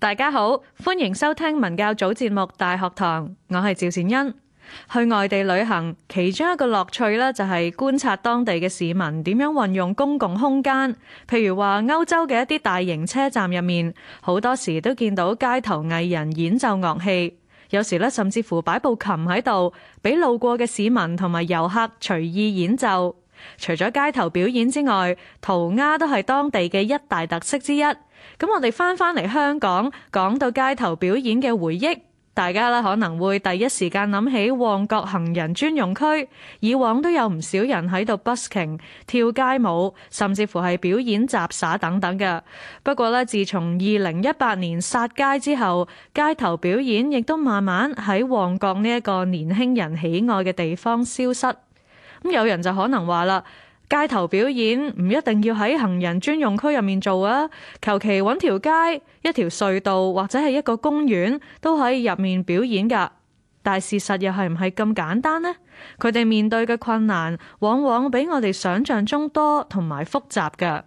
大家好，歡迎收聽文教組節目《大學堂》，我係趙善恩。去外地旅行，其中一個樂趣呢，就係觀察當地嘅市民點樣運用公共空間。譬如話歐洲嘅一啲大型車站入面，好多時都見到街頭藝人演奏樂器，有時呢，甚至乎擺部琴喺度，俾路過嘅市民同埋遊客隨意演奏。除咗街頭表演之外，塗鴉都係當地嘅一大特色之一。咁我哋翻返嚟香港，講到街頭表演嘅回憶，大家可能會第一時間諗起旺角行人專用區，以往都有唔少人喺度 busking、跳街舞，甚至乎係表演雜耍等等嘅。不過呢，自從二零一八年殺街之後，街頭表演亦都慢慢喺旺角呢一個年輕人喜愛嘅地方消失。咁有人就可能話啦。街頭表演唔一定要喺行人專用區入面做啊，求其搵條街，一條隧道或者係一個公園，都可以入面表演噶。但事實又係唔係咁簡單呢？佢哋面對嘅困難，往往比我哋想象中多同埋複雜噶。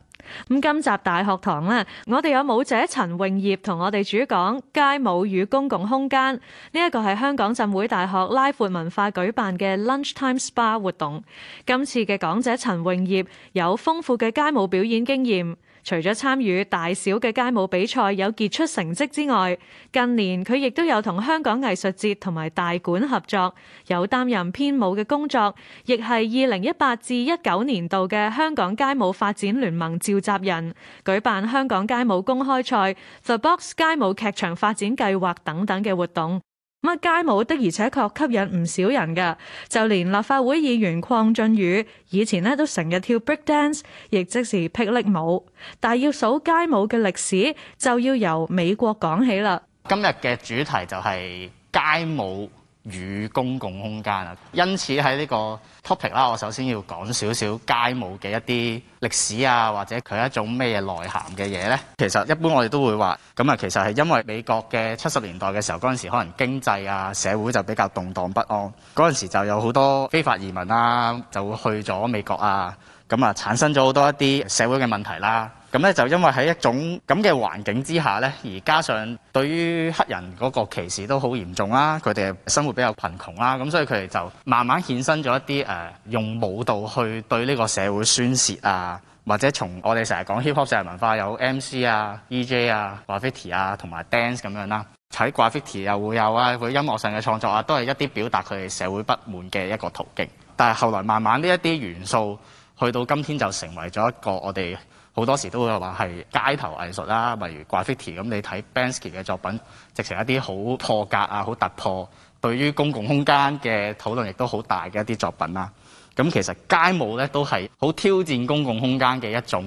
咁今集大學堂啦，我哋有舞者陳永業同我哋主講街舞與公共空間。呢一個係香港浸會大學拉闊文化舉辦嘅 Lunchtime Spa 活動。今次嘅講者陳永業有豐富嘅街舞表演經驗。除咗參與大小嘅街舞比賽有傑出成績之外，近年佢亦都有同香港藝術節同埋大館合作，有擔任編舞嘅工作，亦係二零一八至一九年度嘅香港街舞發展聯盟召集人，舉辦香港街舞公開賽、The Box 街舞劇場發展計劃等等嘅活動。乜街舞的而且確吸引唔少人㗎，就連立法會議員鄺俊宇以前咧都成日跳 break dance，亦即是霹靂舞。但要數街舞嘅歷史，就要由美國講起啦。今日嘅主題就係街舞。與公共空間啊，因此喺呢個 topic 啦，我首先要講少少街舞嘅一啲歷史啊，或者佢一種咩嘢內涵嘅嘢呢。其實一般我哋都會話，咁啊，其實係因為美國嘅七十年代嘅時候，嗰陣時可能經濟啊社會就比較動盪不安，嗰陣時就有好多非法移民啦，就會去咗美國啊，咁啊產生咗好多一啲社會嘅問題啦。咁咧就因為喺一種咁嘅環境之下咧，而加上對於黑人嗰個歧視都好嚴重啦、啊。佢哋生活比較貧窮啦，咁所以佢哋就慢慢衍身咗一啲、呃、用舞蹈去對呢個社會宣泄啊，或者從我哋成日講 hip hop 社會文化有 MC 啊、E J 啊、Graffiti 啊同埋、啊、dance 咁樣啦、啊。喺 Graffiti 又會有啊，佢音樂上嘅創作啊，都係一啲表達佢哋社會不滿嘅一個途徑。但係後來慢慢呢一啲元素去到今天就成為咗一個我哋。好多時都會話係街頭藝術啦，例如 graffiti 咁，你睇 Banksy 嘅作品，直情一啲好破格啊、好突破，對於公共空間嘅討論，亦都好大嘅一啲作品啦。咁其實街舞呢都係好挑戰公共空間嘅一種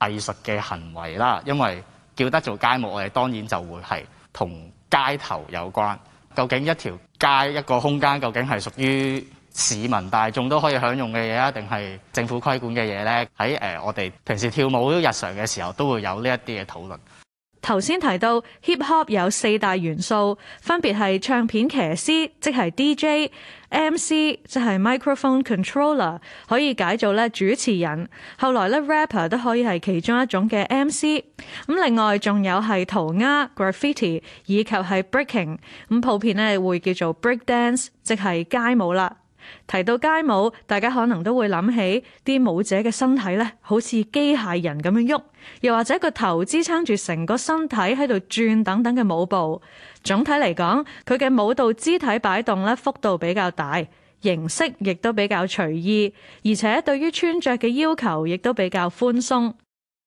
藝術嘅行為啦，因為叫得做街舞，我哋當然就會係同街頭有關。究竟一條街一個空間，究竟係屬於市民大眾都可以享用嘅嘢啊，定係政府規管嘅嘢呢？喺、呃、我哋平時跳舞日常嘅時候，都會有呢一啲嘅討論。頭先提到 hip hop 有四大元素，分別係唱片騎師，即係 DJ、MC，即係 microphone controller，可以解做咧主持人。後來咧 rapper 都可以係其中一種嘅 MC。咁另外仲有係塗鴉 graffiti 以及係 breaking。咁普遍咧會叫做 break dance，即係街舞啦。提到街舞，大家可能都會諗起啲舞者嘅身體咧，好似機械人咁樣喐，又或者個頭支撐住成個身體喺度轉等等嘅舞步。總體嚟講，佢嘅舞蹈肢體擺動咧幅度比較大，形式亦都比較隨意，而且對於穿着嘅要求亦都比較寬鬆。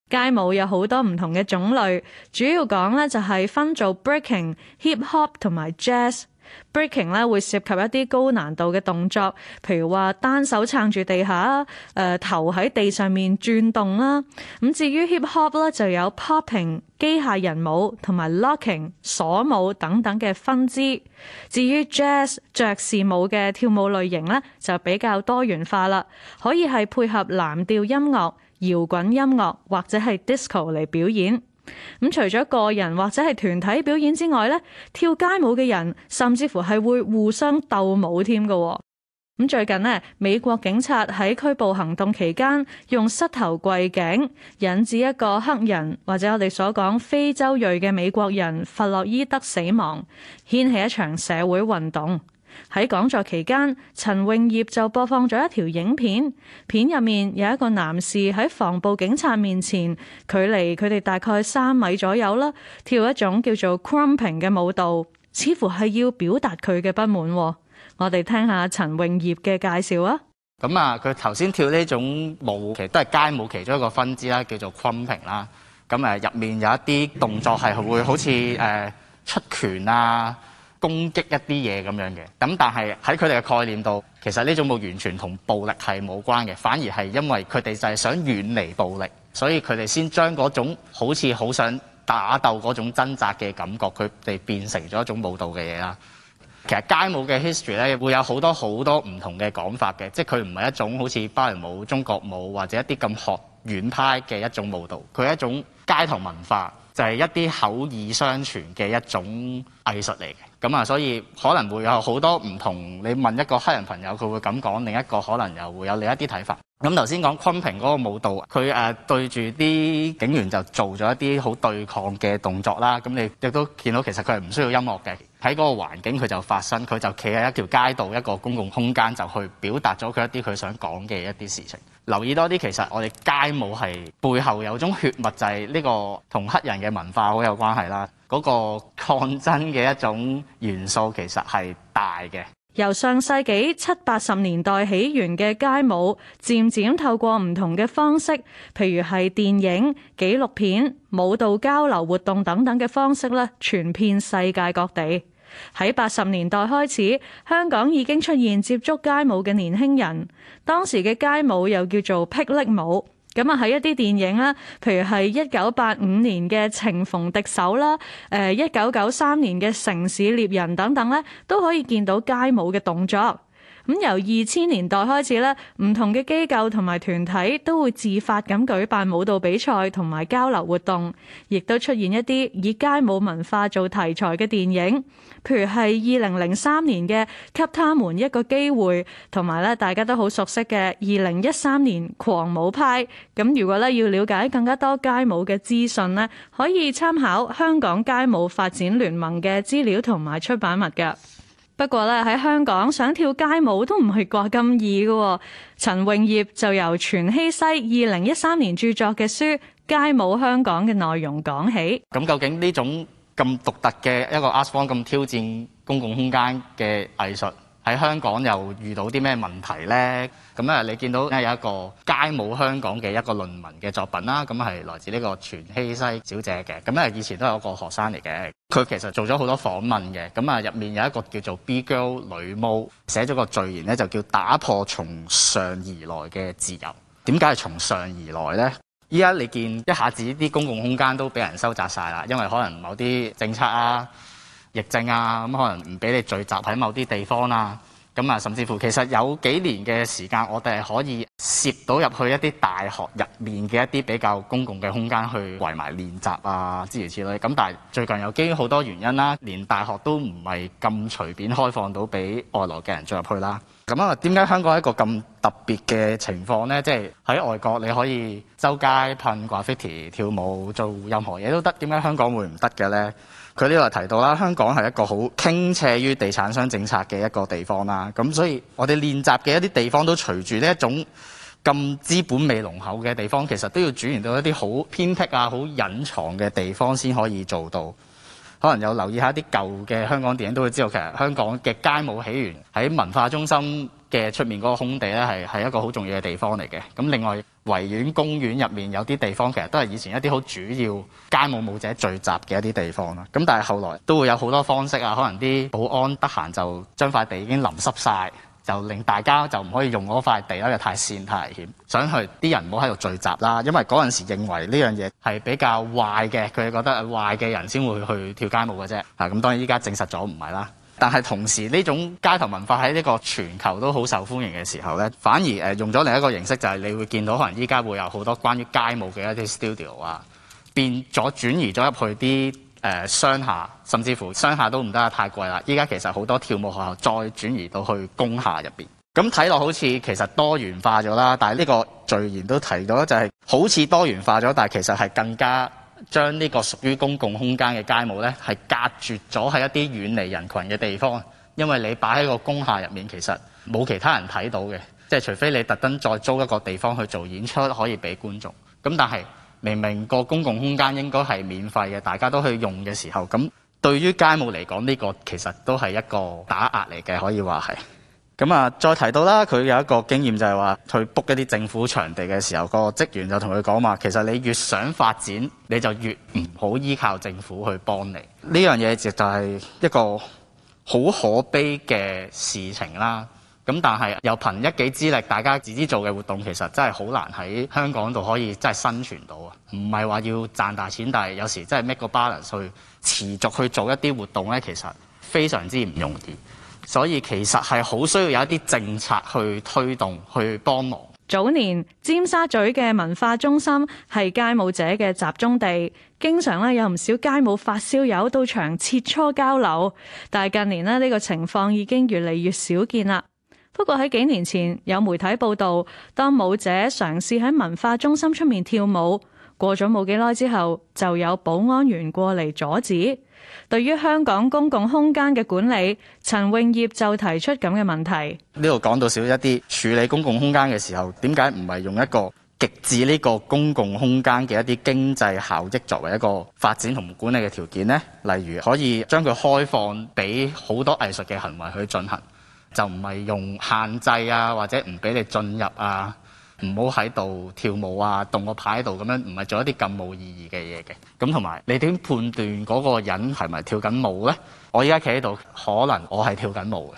街舞有好多唔同嘅種類，主要講咧就係分做 breaking、hip hop 同埋 jazz。Breaking 咧會涉及一啲高難度嘅動作，譬如話單手撐住地下啊，誒、呃、頭喺地上面轉動啦。咁至於 hip hop 咧就有 popping 機械人舞同埋 locking 鎖舞等等嘅分支。至於 jazz 爵士舞嘅跳舞類型咧就比較多元化啦，可以係配合藍調音樂、搖滾音樂或者係 disco 嚟表演。咁除咗個人或者係團體表演之外咧，跳街舞嘅人甚至乎係會互相鬥舞添嘅。咁最近咧，美國警察喺拘捕行動期間用膝頭跪頸，引致一個黑人或者我哋所講非洲裔嘅美國人弗洛伊德死亡，掀起一場社會運動。喺講座期間，陳詠業就播放咗一條影片，片入面有一個男士喺防暴警察面前，距離佢哋大概三米左右啦，跳一種叫做 crumping 嘅舞蹈，似乎係要表達佢嘅不滿。我哋聽下陳詠業嘅介紹啊。咁啊，佢頭先跳呢種舞，其實都係街舞其中一個分支啦，叫做 crumping 啦。咁誒入面有一啲動作係會好似誒出拳啊。攻擊一啲嘢咁樣嘅咁，但係喺佢哋嘅概念度，其實呢種舞完全同暴力係冇關嘅，反而係因為佢哋就係想遠離暴力，所以佢哋先將嗰種好似好想打鬥嗰種掙扎嘅感覺，佢哋變成咗一種舞蹈嘅嘢啦。其實街舞嘅 history 咧，會有好多好多唔同嘅講法嘅，即係佢唔係一種好似芭蕾舞、中國舞或者一啲咁學院派嘅一種舞蹈，佢係一種街頭文化，就係、是、一啲口耳相傳嘅一種藝術嚟嘅。咁啊，所以可能會有好多唔同。你問一個黑人朋友，佢會咁講；另一個可能又會有另一啲睇法。咁頭先講昆平嗰個舞蹈，佢誒對住啲警員就做咗一啲好對抗嘅動作啦。咁你亦都見到，其實佢係唔需要音樂嘅，喺嗰個環境佢就發生，佢就企喺一條街道一個公共空間就去表達咗佢一啲佢想講嘅一啲事情。留意多啲，其實我哋街舞係背後有種血脈，就係呢個同黑人嘅文化好有關係啦。嗰個抗爭嘅一種元素其實係大嘅。由上世紀七八十年代起源嘅街舞，漸漸透過唔同嘅方式，譬如係電影、紀錄片、舞蹈交流活動等等嘅方式咧，傳遍世界各地。喺八十年代開始，香港已經出現接觸街舞嘅年輕人。當時嘅街舞又叫做霹靂舞。咁啊，喺一啲電影啦，譬如係一九八五年嘅《情逢敵手》啦，誒一九九三年嘅《城市獵人》等等咧，都可以見到街舞嘅動作。咁由二千年代開始呢，唔同嘅機構同埋團體都會自發咁舉辦舞蹈比賽同埋交流活動，亦都出現一啲以街舞文化做題材嘅電影，譬如係二零零三年嘅《給他們一個機會》，同埋呢大家都好熟悉嘅二零一三年《狂舞派》。咁如果呢要了解更加多街舞嘅資訊呢，可以參考香港街舞發展聯盟嘅資料同埋出版物嘅。不過咧喺香港想跳街舞都唔係話咁易嘅。陳詠業就由全希西二零一三年著作嘅書《街舞香港》嘅內容講起。咁究竟呢種咁獨特嘅一個 art form 咁挑戰公共空間嘅藝術？喺香港又遇到啲咩問題呢？咁你見到咧有一個街舞香港嘅一個論文嘅作品啦，咁係來自呢個全希西小姐嘅，咁咧以前都係一個學生嚟嘅。佢其實做咗好多訪問嘅，咁啊入面有一個叫做 B girl 女巫寫咗個序言咧，就叫打破從上而來嘅自由。點解係從上而來呢？依家你見一下子啲公共空間都俾人收窄晒啦，因為可能某啲政策啊。疫症啊，咁可能唔俾你聚集喺某啲地方啦。咁啊，甚至乎其實有幾年嘅時間，我哋係可以攝到入去一啲大學入面嘅一啲比較公共嘅空間去圍埋練習啊之類之類。咁但係最近有幾好多原因啦，連大學都唔係咁隨便開放到俾外來嘅人進入去啦。咁啊，點解香港一個咁特別嘅情況呢？即係喺外國你可以周街噴 graffiti 跳舞做任何嘢都得，點解香港會唔得嘅呢？佢呢度提到啦，香港係一個好傾斜於地產商政策嘅一個地方啦。咁所以我哋練習嘅一啲地方都隨住呢一種咁資本味濃厚嘅地方，其實都要轉移到一啲好偏僻啊、好隱藏嘅地方先可以做到。可能有留意下一啲舊嘅香港電影都會知道，其實香港嘅街舞起源喺文化中心嘅出面嗰個空地咧，係係一個好重要嘅地方嚟嘅。咁另外，維園公園入面有啲地方其實都係以前一啲好主要街舞舞者聚集嘅一啲地方啦。咁但係後來都會有好多方式啊，可能啲保安得閒就將塊地已經淋濕晒。就令大家就唔可以用嗰塊地啦，因為太跣太危險，想去啲人唔好喺度聚集啦。因為嗰陣時認為呢樣嘢係比較壞嘅，佢哋覺得壞嘅人先會去跳街舞嘅啫。吓，咁當然依家證實咗唔係啦。但係同時呢種街頭文化喺呢個全球都好受歡迎嘅時候咧，反而誒用咗另一個形式，就係你會見到可能依家會有好多關於街舞嘅一啲 studio 啊，變咗轉移咗入去啲。誒商、呃、廈，甚至乎商廈都唔得啊！太貴啦！依家其實好多跳舞學校再轉移到去工廈入邊，咁睇落好似其實多元化咗啦。但係呢個序言都提到，就是，就係好似多元化咗，但係其實係更加將呢個屬於公共空間嘅街舞咧，係隔絕咗喺一啲遠離人群嘅地方。因為你擺喺個工廈入面，其實冇其他人睇到嘅，即係除非你特登再租一個地方去做演出，可以俾觀眾。咁但係。明明個公共空間應該係免費嘅，大家都去用嘅時候，咁對於街舞嚟講，呢個其實都係一個打壓嚟嘅，可以話係。咁啊，再提到啦，佢有一個經驗就係話，佢 book 一啲政府場地嘅時候，個職員就同佢講話，其實你越想發展，你就越唔好依靠政府去幫你。呢樣嘢就係一個好可悲嘅事情啦。咁但係又憑一己之力，大家自己做嘅活動，其實真係好難喺香港度可以真係生存到啊！唔係話要賺大錢，但係有時真係 make 個 balance 去持續去做一啲活動咧，其實非常之唔容易。所以其實係好需要有一啲政策去推動去幫忙。早年尖沙咀嘅文化中心係街舞者嘅集中地，經常咧有唔少街舞發燒友到場切磋交流。但係近年呢，呢個情況已經越嚟越少見啦。不過喺幾年前有媒體報道，當舞者嘗試喺文化中心出面跳舞，過咗冇幾耐之後，就有保安員過嚟阻止。對於香港公共空間嘅管理，陳永業就提出咁嘅問題：呢度講到少一啲處理公共空間嘅時候，點解唔係用一個極致呢個公共空間嘅一啲經濟效益作為一個發展同管理嘅條件呢？例如可以將佢開放俾好多藝術嘅行為去進行。就唔係用限制啊，或者唔俾你進入啊，唔好喺度跳舞啊，動個牌喺度咁樣，唔係做一啲咁冇意義嘅嘢嘅。咁同埋你點判斷嗰個人係咪跳緊舞呢？我依家企喺度，可能我係跳緊舞嘅。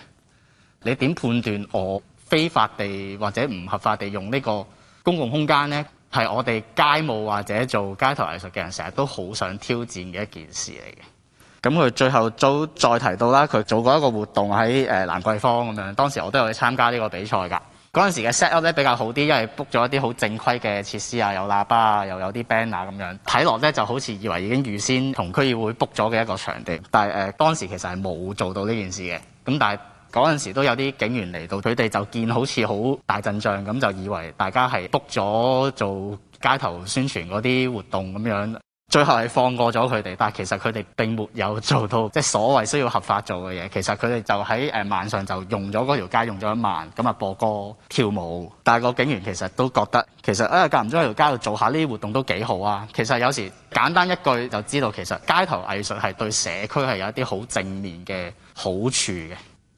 你點判斷我非法地或者唔合法地用呢個公共空間呢？係我哋街舞或者做街頭藝術嘅人，成日都好想挑戰嘅一件事嚟嘅。咁佢最後都再提到啦，佢做過一個活動喺誒蘭桂坊咁樣。當時我都有去參加呢個比賽㗎。嗰陣時嘅 set up 咧比較好啲，因為 book 咗一啲好正規嘅設施啊，有喇叭啊，又有啲 banner 咁樣。睇落咧就好似以為已經預先同區議會 book 咗嘅一個場地，但係誒、呃、當時其實係冇做到呢件事嘅。咁但係嗰陣時都有啲警員嚟到，佢哋就見好似好大陣仗咁，就以為大家係 book 咗做街頭宣傳嗰啲活動咁樣。最後係放過咗佢哋，但係其實佢哋並沒有做到即係所謂需要合法做嘅嘢。其實佢哋就喺誒晚上就用咗嗰條街，用咗一晚，咁啊播歌跳舞。但係個警員其實都覺得，其實啊間唔中喺條街度做一下呢啲活動都幾好啊。其實有時簡單一句就知道，其實街頭藝術係對社區係有一啲好正面嘅好處嘅。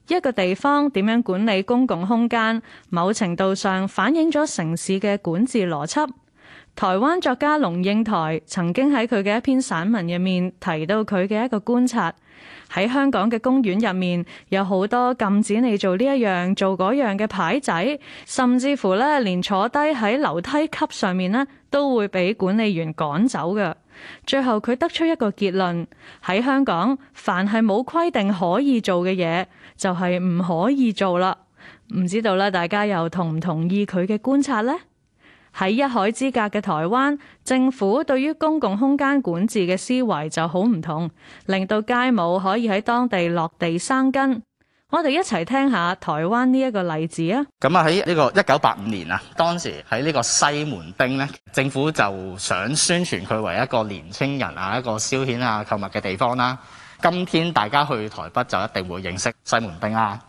一個地方點樣管理公共空間，某程度上反映咗城市嘅管治邏輯。台灣作家龍應台曾經喺佢嘅一篇散文入面提到佢嘅一個觀察：喺香港嘅公園入面有好多禁止你做呢一樣做嗰樣嘅牌仔，甚至乎咧連坐低喺樓梯級上面咧都會俾管理員趕走嘅。最後佢得出一個結論：喺香港，凡係冇規定可以做嘅嘢，就係唔可以做啦。唔知道咧，大家又同唔同意佢嘅觀察呢？喺一海之隔嘅台灣，政府對於公共空間管治嘅思維就好唔同，令到街舞可以喺當地落地生根。我哋一齊聽下台灣呢一個例子啊！咁啊，喺呢個一九八五年啊，當時喺呢個西門町呢，政府就想宣傳佢為一個年輕人啊、一個消遣啊、購物嘅地方啦。今天大家去台北就一定會認識西門町啦。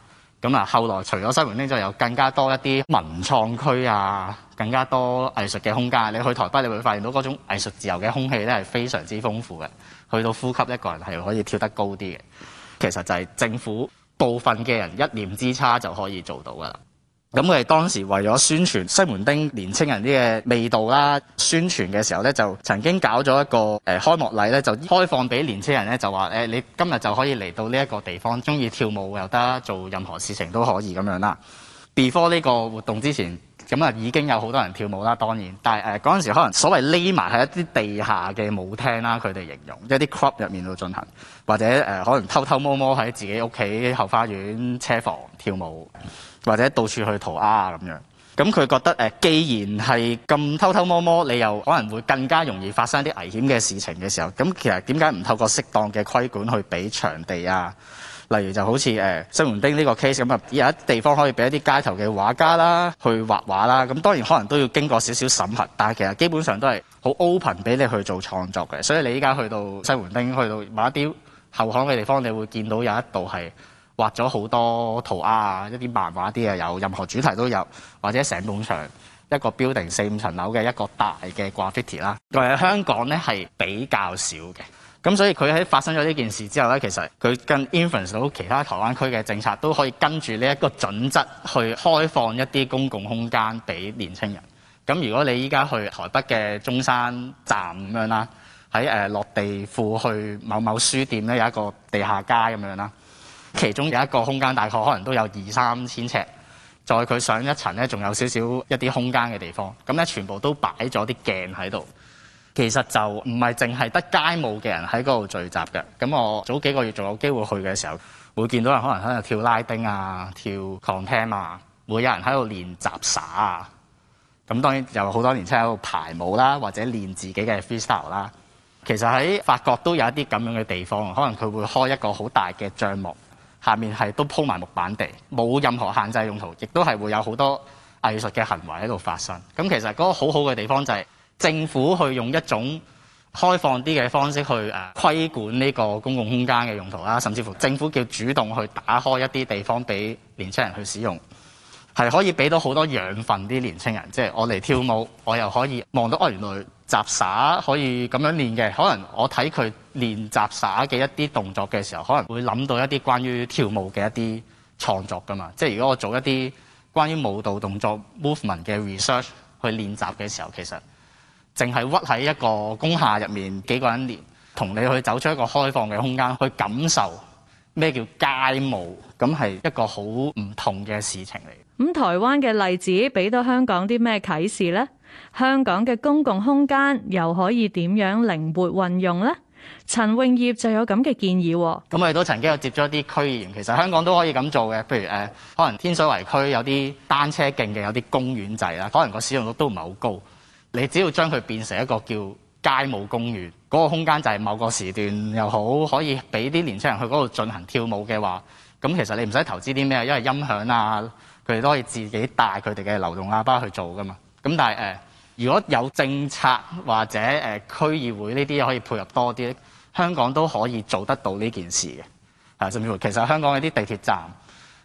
咁啊，後來除咗西門町，就有更加多一啲文創區啊，更加多藝術嘅空間。你去台北，你會發現到嗰種藝術自由嘅空氣咧，係非常之豐富嘅。去到呼吸，一個人係可以跳得高啲嘅。其實就係政府部分嘅人一念之差就可以做到噶啦。咁佢哋當時為咗宣傳西門町年青人啲嘅味道啦，宣傳嘅時候咧，就曾經搞咗一個誒開幕禮咧，就開放俾年青人咧，就話誒你今日就可以嚟到呢一個地方，中意跳舞又得，做任何事情都可以咁樣啦。before 呢個活動之前。咁啊，已經有好多人跳舞啦，當然，但係嗰陣時可能所謂匿埋喺一啲地下嘅舞廳啦，佢哋形容，一啲 club 入面度進行，或者誒、呃、可能偷偷摸摸喺自己屋企後花園車房跳舞，或者到處去塗鴉啊。咁樣。咁佢覺得、呃、既然係咁偷偷摸摸，你又可能會更加容易發生啲危險嘅事情嘅時候，咁其實點解唔透過適當嘅規管去俾場地啊？例如就好似誒西門町呢個 case 咁啊，有一地方可以俾一啲街頭嘅畫家啦去畫畫啦。咁當然可能都要經過少少審核，但係其實基本上都係好 open 俾你去做創作嘅。所以你依家去到西門町，去到某一啲後巷嘅地方，你會見到有一度係畫咗好多圖案啊，一啲漫畫啲啊，有任何主題都有，或者成棟牆一個 building 四五層樓嘅一個大嘅掛 fitty 啦。誒，香港呢係比較少嘅。咁所以佢喺發生咗呢件事之後咧，其實佢更 influence 到其他台灣區嘅政策，都可以跟住呢一個準則去開放一啲公共空間俾年青人。咁如果你依家去台北嘅中山站咁樣啦，喺、呃、落地庫去某某書店咧，有一個地下街咁樣啦，其中有一個空間大概可能都有二三千尺，在佢上一層咧，仲有少少一啲空間嘅地方，咁咧全部都擺咗啲鏡喺度。其實就唔係淨係得街舞嘅人喺嗰度聚集嘅。咁我早幾個月仲有機會去嘅時候，會見到人可能喺度跳拉丁啊，跳 Contemp 啊，會有人喺度練雜耍啊。咁當然有好多年青喺度排舞啦，或者練自己嘅 freestyle 啦。其實喺法國都有一啲咁樣嘅地方，可能佢會開一個好大嘅帳幕，下面係都鋪埋木板地，冇任何限制用途，亦都係會有好多藝術嘅行為喺度發生。咁其實嗰個好好嘅地方就係、是。政府去用一種開放啲嘅方式去誒規管呢個公共空間嘅用途啦，甚至乎政府叫主動去打開一啲地方俾年輕人去使用，係可以俾到好多養分啲年青人。即係我嚟跳舞，我又可以望到哦，原來雜耍可以咁樣練嘅。可能我睇佢練雜耍嘅一啲動作嘅時候，可能會諗到一啲關於跳舞嘅一啲創作噶嘛。即係如果我做一啲關於舞蹈動作 movement 嘅 research 去練習嘅時候，其實。淨係屈喺一個工廈入面，幾個人練，同你去走出一個開放嘅空間，去感受咩叫街舞，咁係一個好唔同嘅事情嚟。咁、嗯、台灣嘅例子俾到香港啲咩啟示呢？香港嘅公共空間又可以點樣靈活運用呢？陳永業就有咁嘅建議喎、哦。咁、嗯、我哋都曾經有接咗一啲區議員，其實香港都可以咁做嘅。譬如誒、呃，可能天水圍區有啲單車徑嘅，有啲公園仔啦，可能個使用率都唔係好高。你只要將佢變成一個叫街舞公園，嗰個空間就係某個時段又好，可以俾啲年輕人去嗰度進行跳舞嘅話，咁其實你唔使投資啲咩，因為音響啊，佢哋都可以自己帶佢哋嘅流動喇叭去做噶嘛。咁但係、呃、如果有政策或者呃區議會呢啲可以配合多啲，香港都可以做得到呢件事嘅。啊，甚至乎其實香港有啲地鐵站，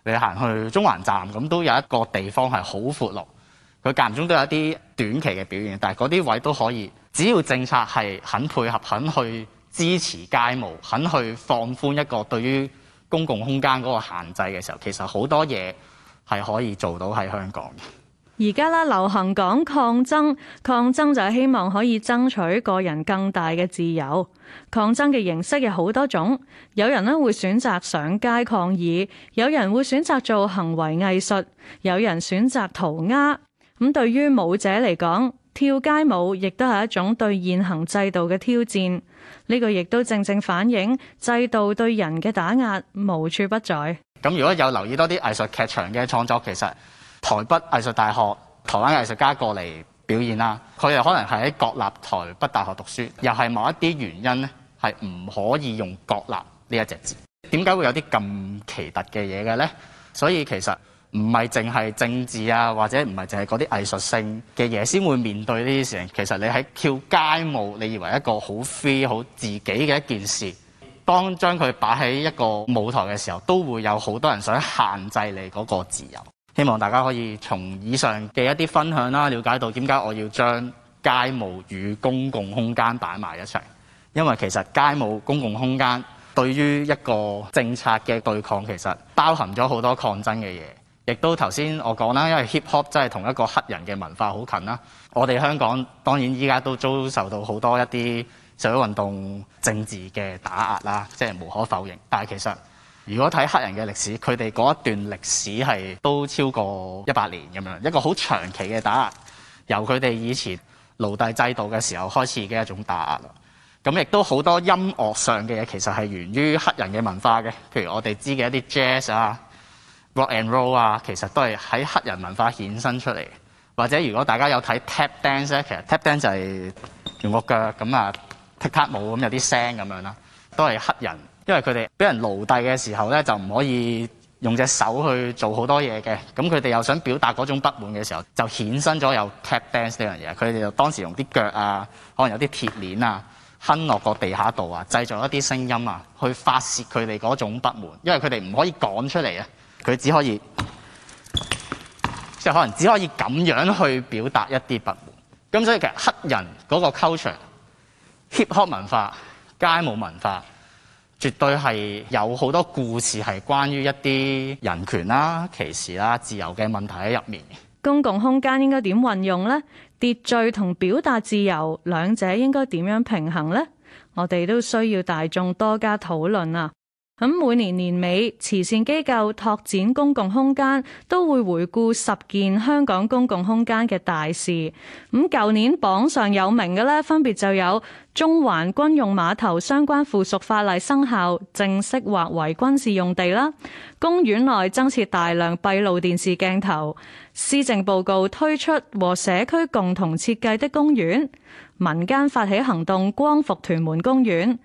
你行去中環站咁，都有一個地方係好闊落。佢間中都有一啲短期嘅表現，但係嗰啲位都可以。只要政策係肯配合、肯去支持街舞、肯去放寬一個對於公共空間嗰個限制嘅時候，其實好多嘢係可以做到喺香港嘅。而家啦，流行講抗爭，抗爭就係希望可以爭取個人更大嘅自由。抗爭嘅形式有好多種，有人咧會選擇上街抗議，有人會選擇做行為藝術，有人選擇塗鴉。咁對於舞者嚟講，跳街舞亦都係一種對現行制度嘅挑戰。呢個亦都正正反映制度對人嘅打壓無處不在。咁如果有留意多啲藝術劇場嘅創作，其實台北藝術大學台灣藝術家過嚟表演啦，佢哋可能係喺國立台北大學讀書，又係某一啲原因呢，係唔可以用國立呢一隻字。點解會有啲咁奇特嘅嘢嘅呢？所以其實。唔係淨係政治啊，或者唔係淨係嗰啲藝術性嘅嘢先會面對呢啲事情。其實你喺跳街舞，你以為一個好 free、好自己嘅一件事，當將佢擺喺一個舞台嘅時候，都會有好多人想限制你嗰個自由。希望大家可以從以上嘅一啲分享啦，了解到點解我要將街舞與公共空間擺埋一齊，因為其實街舞、公共空間對於一個政策嘅對抗，其實包含咗好多抗爭嘅嘢。亦都頭先我講啦，因為 hip hop 真係同一個黑人嘅文化好近啦。我哋香港當然依家都遭受到好多一啲社會運動、政治嘅打壓啦，即係無可否認。但係其實如果睇黑人嘅歷史，佢哋嗰一段歷史係都超過一百年咁樣，一個好長期嘅打壓，由佢哋以前奴隸制度嘅時候開始嘅一種打壓啦。咁亦都好多音樂上嘅嘢其實係源於黑人嘅文化嘅，譬如我哋知嘅一啲 jazz 啊。rock and roll 啊，其實都係喺黑人文化衍生出嚟。或者如果大家有睇 tap dance 咧，其實 tap dance 就係用個腳咁啊，踢踏舞咁有啲聲咁樣啦，都係黑人，因為佢哋俾人奴隸嘅時候咧，就唔可以用隻手去做好多嘢嘅。咁佢哋又想表達嗰種不滿嘅時候，就衍生咗有 tap dance 呢樣嘢。佢哋就當時用啲腳啊，可能有啲鐵鏈啊，鏗落個地下度啊，製造一啲聲音啊，去發泄佢哋嗰種不滿，因為佢哋唔可以講出嚟啊。佢只可以，即係可能只可以咁樣去表達一啲不滿。咁所以其實黑人嗰個 culture、 hip hop 文化、街舞文化，絕對係有好多故事係關於一啲人權啦、啊、歧視啦、啊、自由嘅問題喺入面。公共空間應該點運用呢？秩序同表達自由兩者應該點樣平衡呢？我哋都需要大眾多加討論啊！咁每年年尾，慈善機構拓展公共空間都會回顧十件香港公共空間嘅大事。咁舊年榜上有名嘅呢，分別就有中環軍用碼頭相關附屬法例生效，正式劃為軍事用地啦；公園內增設大量閉路電視鏡頭；施政報告推出和社區共同設計的公園；民間發起行動光復屯門公園。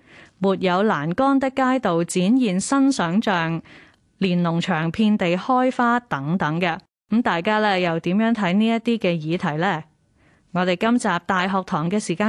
沒有欄杆的街道展現新想象，連農場遍地開花等等嘅，咁大家咧又點樣睇呢一啲嘅議題咧？我哋今集大學堂嘅時間。